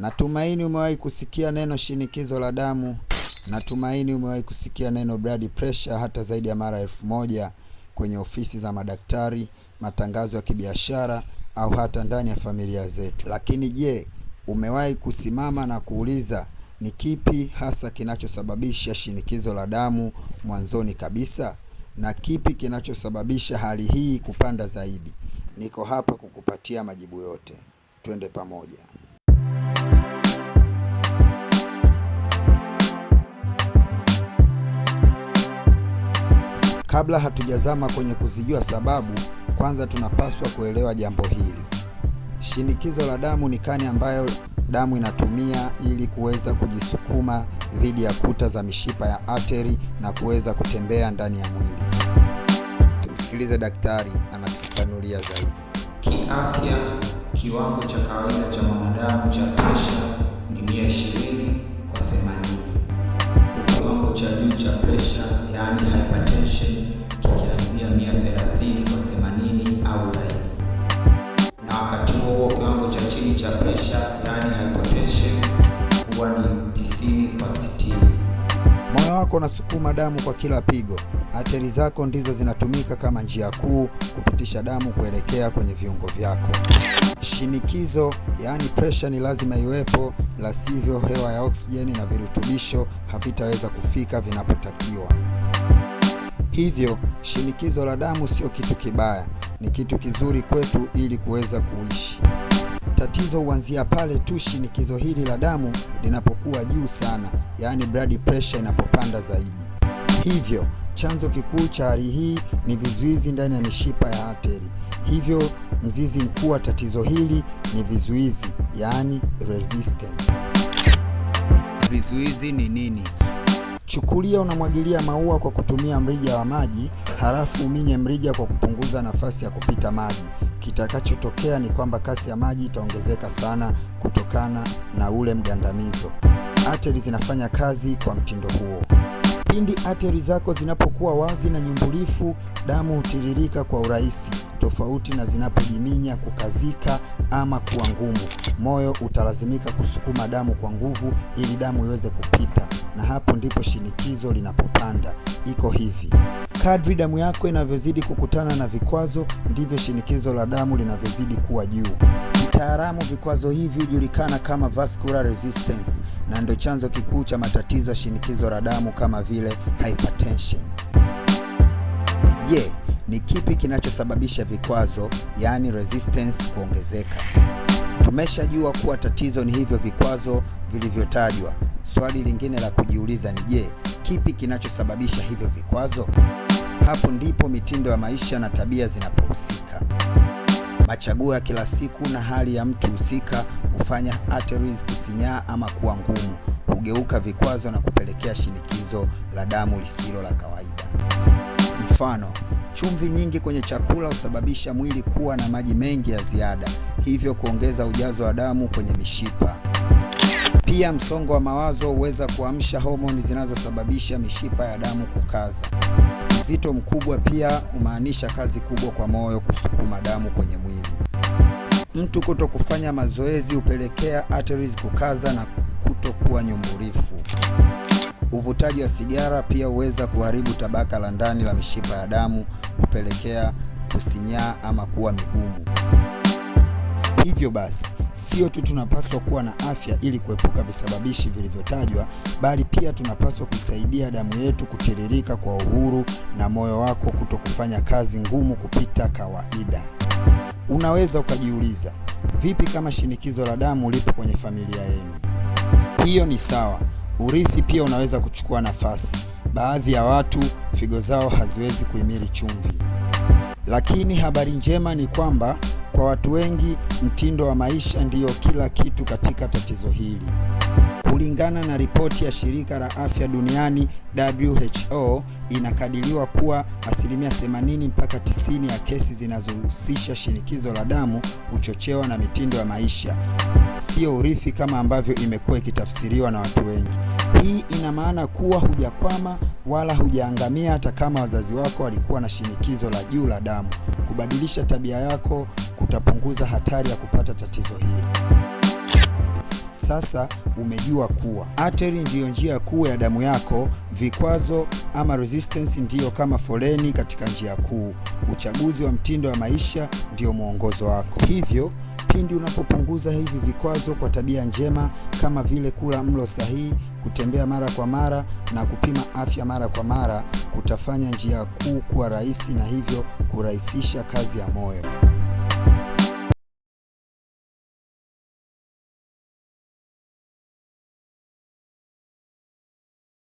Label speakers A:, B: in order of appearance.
A: Natumaini umewahi kusikia neno shinikizo la damu. Natumaini umewahi kusikia neno blood pressure hata zaidi ya mara elfu moja kwenye ofisi za madaktari, matangazo ya kibiashara au hata ndani ya familia zetu. Lakini je, umewahi kusimama na kuuliza ni kipi hasa kinachosababisha shinikizo la damu mwanzoni kabisa na kipi kinachosababisha hali hii kupanda zaidi? Niko hapa kukupatia majibu yote. Twende pamoja. Kabla hatujazama kwenye kuzijua sababu, kwanza tunapaswa kuelewa jambo hili. Shinikizo la damu ni kani ambayo damu inatumia ili kuweza kujisukuma dhidi ya kuta za mishipa ya ateri na kuweza kutembea ndani ya mwili. Tumsikilize daktari anatufafanulia zaidi.
B: Kiafya, kiwango cha kawaida cha mwanadamu cha presha ni 120 kwa 80. Kiwango cha juu cha presha yani kuboresha, yani hypotension huwa ni tisini kwa sitini.
A: Moyo wako unasukuma damu kwa kila pigo. Ateri zako ndizo zinatumika kama njia kuu kupitisha damu kuelekea kwenye viungo vyako. Shinikizo yaani presha ni lazima iwepo, la sivyo hewa ya oksijeni na virutubisho havitaweza kufika vinapotakiwa. Hivyo shinikizo la damu sio kitu kibaya, ni kitu kizuri kwetu ili kuweza kuishi. Tatizo huanzia pale tu shinikizo hili la damu linapokuwa juu sana, yaani blood pressure inapopanda zaidi. Hivyo chanzo kikuu cha hali hii ni vizuizi ndani ya mishipa ya ateri. Hivyo mzizi mkuu wa tatizo hili ni vizuizi, yaani resistance. Vizuizi ni nini? Chukulia unamwagilia maua kwa kutumia mrija wa maji, halafu uminye mrija kwa kupunguza nafasi ya kupita maji kitakachotokea ni kwamba kasi ya maji itaongezeka sana kutokana na ule mgandamizo. Ateri zinafanya kazi kwa mtindo huo. Pindi ateri zako zinapokuwa wazi na nyumbulifu, damu hutiririka kwa urahisi, tofauti na zinapojiminya, kukazika ama kuwa ngumu. Moyo utalazimika kusukuma damu kwa nguvu ili damu iweze kupita, na hapo ndipo shinikizo linapopanda. Iko hivi. Kadri damu yako inavyozidi kukutana na vikwazo, ndivyo shinikizo la damu linavyozidi kuwa juu. Kitaalamu, vikwazo hivi hujulikana kama vascular resistance na ndio chanzo kikuu cha matatizo ya shinikizo la damu kama vile hypertension. Je, yeah, ni kipi kinachosababisha vikwazo, yaani resistance kuongezeka? Tumeshajua kuwa tatizo ni hivyo vikwazo vilivyotajwa. Swali lingine la kujiuliza ni je, kipi kinachosababisha hivyo vikwazo? Hapo ndipo mitindo ya maisha na tabia zinapohusika. Machaguo ya kila siku na hali ya mtu husika hufanya arteries kusinyaa ama kuwa ngumu, hugeuka vikwazo na kupelekea shinikizo la damu lisilo la kawaida. Mfano, chumvi nyingi kwenye chakula husababisha mwili kuwa na maji mengi ya ziada, hivyo kuongeza ujazo wa damu kwenye mishipa. Pia msongo wa mawazo huweza kuamsha homoni zinazosababisha mishipa ya damu kukaza. Uzito mkubwa pia humaanisha kazi kubwa kwa moyo kusukuma damu kwenye mwili. Mtu kuto kufanya mazoezi hupelekea arteries kukaza na kutokuwa nyumburifu. Uvutaji wa sigara pia huweza kuharibu tabaka la ndani la mishipa ya damu kupelekea kusinyaa ama kuwa migumu. Hivyo basi, sio tu tunapaswa kuwa na afya ili kuepuka visababishi vilivyotajwa, bali pia tunapaswa kuisaidia damu yetu kutiririka kwa uhuru na moyo wako kuto kufanya kazi ngumu kupita kawaida. Unaweza ukajiuliza, vipi kama shinikizo la damu lipo kwenye familia yenu? Hiyo ni sawa. Urithi pia unaweza kuchukua nafasi. Baadhi ya watu figo zao haziwezi kuhimili chumvi, lakini habari njema ni kwamba kwa watu wengi, mtindo wa maisha ndiyo kila kitu katika tatizo hili. Kulingana na ripoti ya shirika la afya duniani WHO, inakadiriwa kuwa asilimia 80 mpaka 90 ya kesi zinazohusisha shinikizo la damu huchochewa na mitindo ya maisha, sio urithi kama ambavyo imekuwa ikitafsiriwa na watu wengi. Hii ina maana kuwa hujakwama wala hujaangamia hata kama wazazi wako walikuwa na shinikizo la juu la damu. Kubadilisha tabia yako kutapunguza hatari ya kupata tatizo hili. Sasa umejua kuwa ateri ndiyo njia kuu ya damu yako. Vikwazo ama resistance ndiyo kama foleni katika njia kuu. Uchaguzi wa mtindo wa maisha ndiyo mwongozo wako, hivyo Pindi unapopunguza hivi vikwazo kwa tabia njema kama vile kula mlo sahihi, kutembea mara kwa mara na kupima afya mara kwa mara, kutafanya njia kuu kuwa rahisi na hivyo kurahisisha kazi ya moyo.